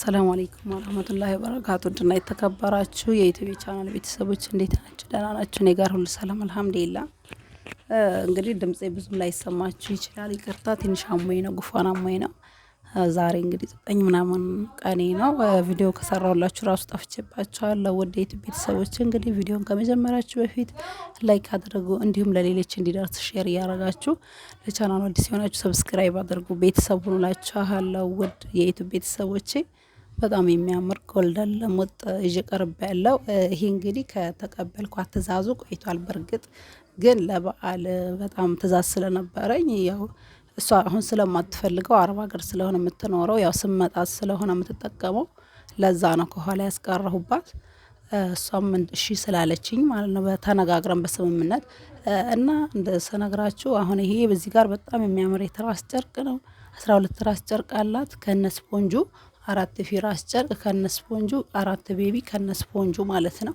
ሰላም አለይኩም ወራህመቱላሂ ወበረካቱ ድና የተከበራችሁ የኢትዮጵያ ቻናል ቤተሰቦች እንዴት ናችሁ? ደህና ናችሁ? እኔ ጋር ሁሉ ሰላም አልሐምዱሊላህ። እንግዲህ ድምጼ ብዙም ላይሰማችሁ ይችላል፣ ይቅርታ። ትንሽ አሞኝ ነው፣ ጉንፋን አሞኝ ነው። ዛሬ እንግዲህ ዘጠኝ ምናምን ቀኔ ነው። ቪዲዮ ከሰራሁላችሁ ራሱ ጠፍቼባችኋለሁ። ወደ ዩቲዩብ ቤተሰቦች እንግዲህ ቪዲዮን ከመጀመራችሁ በፊት ላይክ አድርጉ፣ እንዲሁም ለሌሎች እንዲደርስ ሼር እያደረጋችሁ ለቻናሉ አዲስ የሆናችሁ ሰብስክራይብ አድርጉ። ቤተሰብ ሁኑላችኋለሁ። ውድ የዩቲዩብ ቤተሰቦቼ በጣም የሚያምር ጎልደን ለሙጥ ይዤ ያለው ይሄ እንግዲህ ከተቀበልኳ ትእዛዙ ቆይቷል። በእርግጥ ግን ለበዓል በጣም ትእዛዝ ስለነበረኝ ያው እሷ አሁን ስለማትፈልገው አረብ ሀገር ስለሆነ የምትኖረው ያው ስመጣ ስለሆነ የምትጠቀመው ለዛ ነው ከኋላ ያስቀረሁባት። እሷም እሺ ስላለችኝ ማለት ነው በተነጋግረን በስምምነት እና እንደ ስነግራችሁ አሁን ይሄ በዚህ ጋር በጣም የሚያምር የትራስ ጨርቅ ነው። አስራ ሁለት ትራስ ጨርቅ አላት ከነ ስፖንጁ አራት ፊራስ ጨርቅ ስፖንጁ አራት ቤቢ ከነስፖንጁ ማለት ነው።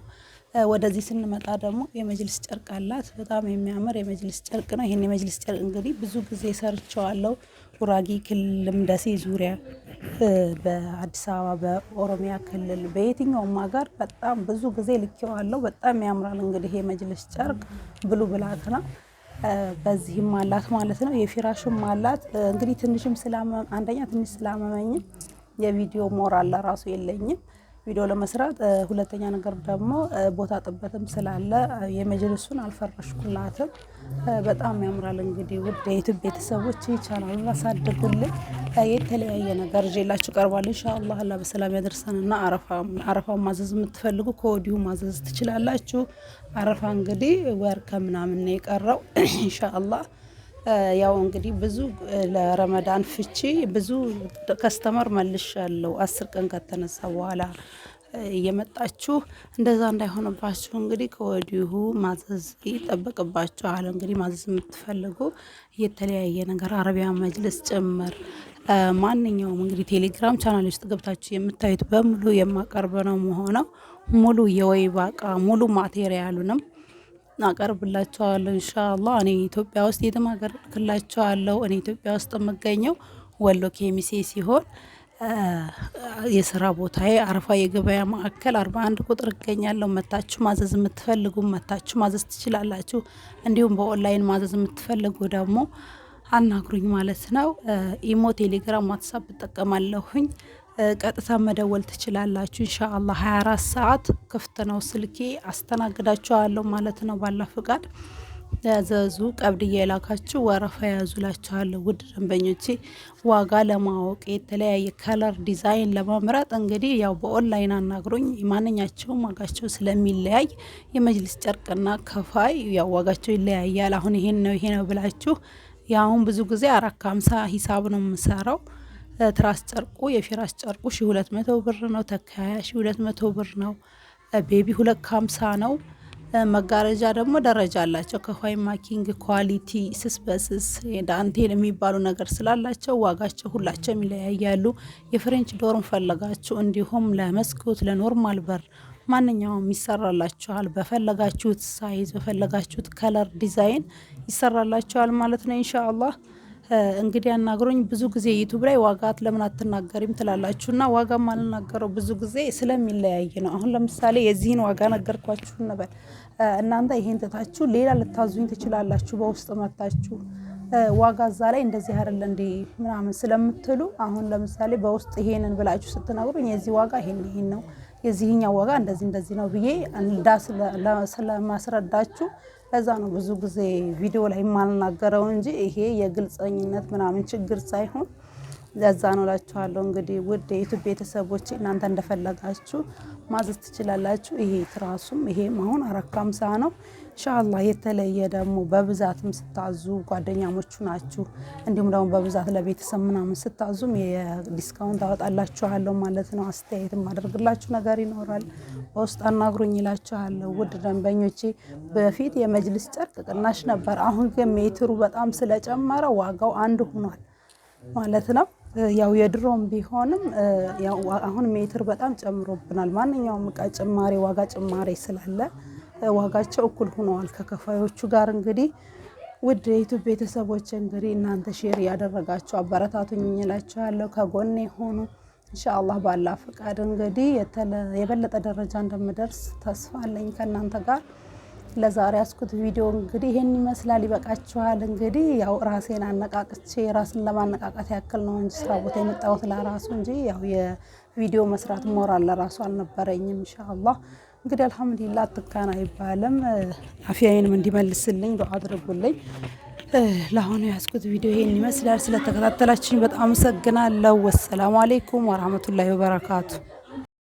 ወደዚህ ስንመጣ ደግሞ የመጅልስ ጨርቅ አላት። በጣም የሚያምር የመጅልስ ጨርቅ ነው። ይህን የመጅልስ ጨርቅ እንግዲህ ብዙ ጊዜ ሰርቸዋለው ጉራጌ ክልልም፣ ደሴ ዙሪያ፣ በአዲስ አበባ፣ በኦሮሚያ ክልል በየትኛውም ሀገር በጣም ብዙ ጊዜ ልኬዋለው። በጣም ያምራል። እንግዲህ የመጅልስ ጨርቅ ብሉ ብላክ ነው። በዚህም አላት ማለት ነው። የፊራሹም አላት እንግዲህ ትንሽም ስላመ አንደኛ ትንሽ ስላመመኝም የቪዲዮ ሞራል ለራሱ የለኝም ቪዲዮ ለመስራት። ሁለተኛ ነገር ደግሞ ቦታ ጥበትም ስላለ የመጅልሱን አልፈረሽኩላትም። በጣም ያምራል። እንግዲህ ውድ የዩቱብ ቤተሰቦች ይቻላል አሳድጉልኝ። የተለያየ ነገር ይዤላችሁ ቀርባለሁ። ኢንሻአላህ አላህ በሰላም ያደርሰን ያደርሰንና አረፋ ማዘዝ የምትፈልጉ ከወዲሁ ማዘዝ ትችላላችሁ። አረፋ እንግዲህ ወር ከምናምን ነው የቀረው ኢንሻአላህ ያው እንግዲህ ብዙ ለረመዳን ፍቺ ብዙ ከስተመር መልሻለሁ። አስር ቀን ከተነሳ በኋላ እየመጣችሁ እንደዛ እንዳይሆንባችሁ እንግዲህ ከወዲሁ ማዘዝ ይጠበቅባችኋል። እንግዲህ ማዘዝ የምትፈልጉ የተለያየ ነገር አረቢያ መጅልስ ጭምር ማንኛውም እንግዲህ ቴሌግራም ቻናል ውስጥ ገብታችሁ የምታዩት በሙሉ የማቀርብ ነው መሆነው ሙሉ የወይባ እቃ ሙሉ ማቴሪያሉንም አቀርብላቸዋለሁ ኢንሻአላህ። እኔ ኢትዮጵያ ውስጥ የትም እኔ ኢትዮጵያ ውስጥ የምገኘው ወሎ ኬሚሴ ሲሆን የስራ ቦታዬ አረፋ የገበያ ማዕከል አርባ አንድ ቁጥር እገኛለሁ። መታችሁ ማዘዝ የምትፈልጉ መታችሁ ማዘዝ ትችላላችሁ። እንዲሁም በኦንላይን ማዘዝ የምትፈልጉ ደግሞ አናግሩኝ ማለት ነው። ኢሞ፣ ቴሌግራም፣ ዋትሳፕ እጠቀማለሁኝ። ቀጥታ መደወል ትችላላችሁ። እንሻአላ 24 ሰዓት ክፍት ነው ስልኬ፣ አስተናግዳችኋለሁ ማለት ነው። ባላ ፍቃድ ያዘዙ ቀብድዬ የላካችሁ ወረፋ ያዙላችኋለሁ። ውድ ደንበኞቼ ዋጋ ለማወቅ የተለያየ ከለር ዲዛይን ለመምረጥ እንግዲህ ያው በኦንላይን አናግሮኝ ማንኛቸውም ዋጋቸው ስለሚለያይ የመጅልስ ጨርቅና ከፋይ ያው ዋጋቸው ይለያያል። አሁን ይሄን ነው ይሄ ነው ብላችሁ ያሁን ብዙ ጊዜ አራት ከሀምሳ ሂሳብ ነው የምሰራው ትራስ ጨርቁ የፊራስ ጨርቁ ሺ ሁለት መቶ ብር ነው። ተካያ ሺ ሁለት መቶ ብር ነው። ቤቢ ሁለት ከሀምሳ ነው። መጋረጃ ደግሞ ደረጃ አላቸው። ከኋይ ማኪንግ ኳሊቲ፣ ስስ በስስ ዳንቴል የሚባሉ ነገር ስላላቸው ዋጋቸው ሁላቸውም ይለያያሉ። የፍሬንች ዶርም ፈለጋችሁ እንዲሁም ለመስኮት ለኖርማል በር ማንኛውም ይሰራላችኋል። በፈለጋችሁት ሳይዝ በፈለጋችሁት ከለር ዲዛይን ይሰራላችኋል ማለት ነው ኢንሻአላህ። እንግዲህ አናግሮኝ ብዙ ጊዜ ዩቱብ ላይ ዋጋ ለምን አትናገሪም ትላላችሁ እና ዋጋ ማልናገረው ብዙ ጊዜ ስለሚለያይ ነው። አሁን ለምሳሌ የዚህን ዋጋ ነገርኳችሁ እንበል። እናንተ ይሄን ትታችሁ ሌላ ልታዙኝ ትችላላችሁ በውስጥ መታችሁ ዋጋ እዛ ላይ እንደዚህ አይደለ እንዲ ምናምን ስለምትሉ አሁን ለምሳሌ በውስጥ ይሄንን ብላችሁ ስትነግሩኝ የዚህ ዋጋ ይሄን ይሄን ነው የዚህኛው ዋጋ እንደዚህ እንደዚህ ነው ብዬ እንዳስ ስለማስረዳችሁ ለዛ ነው ብዙ ጊዜ ቪዲዮ ላይ የማልናገረው እንጂ ይሄ የግልፀኝነት ምናምን ችግር ሳይሆን ለዛ ነው እላችኋለሁ። እንግዲህ ውድ የዩቱብ ቤተሰቦች እናንተ እንደፈለጋችሁ ማዘዝ ትችላላችሁ። ይሄ ትራሱም ይሄም አሁን አራት ከሀምሳ ነው። እንሻላ የተለየ ደግሞ በብዛትም ስታዙ ጓደኛሞቹ ናችሁ፣ እንዲሁም ደግሞ በብዛት ለቤተሰብ ምናምን ስታዙም የዲስካውንት አወጣላችኋለሁ ማለት ነው። አስተያየት ማደርግላችሁ ነገር ይኖራል፣ በውስጥ አናግሩኝ ይላችኋለሁ። ውድ ደንበኞቼ በፊት የመጅልስ ጨርቅ ቅናሽ ነበር፣ አሁን ግን ሜትሩ በጣም ስለጨመረ ዋጋው አንድ ሆኗል። ማለት ነው። ያው የድሮም ቢሆንም አሁን ሜትር በጣም ጨምሮብናል። ማንኛውም እቃ ጭማሪ ዋጋ ጭማሪ ስላለ ዋጋቸው እኩል ሆነዋል ከከፋዮቹ ጋር እንግዲህ ውድ የዩቱብ ቤተሰቦች እንግዲህ እናንተ ሼር ያደረጋችሁ አበረታቱኝ እላችኋለሁ። ከጎኔ ሆኑ። እንሻአላህ ባላ ፈቃድ እንግዲህ የበለጠ ደረጃ እንደምደርስ ተስፋ አለኝ ከእናንተ ጋር ለዛሬ ያስኩት ቪዲዮ እንግዲህ ይሄን ይመስላል። ይበቃችኋል። እንግዲህ ያው ራሴን አነቃቅቼ ራስን ለማነቃቃት ያክል ነው እንጂ ስራ ቦታ የመጣሁት ለራሱ እንጂ ያው የቪዲዮ መስራት ሞራል ለራሱ አልነበረኝም። ኢንሻአላህ እንግዲህ አልሐምዱሊላህ አትካን አይባልም። አፍያዬንም እንዲመልስልኝ ዱዓ አድርጉልኝ። ለአሁኑ ያስኩት ቪዲዮ ይሄን ይመስላል። ስለተከታተላችሁኝ በጣም አመሰግናለሁ። ወሰላሙ አሌይኩም ወራህመቱላሂ ወበረካቱ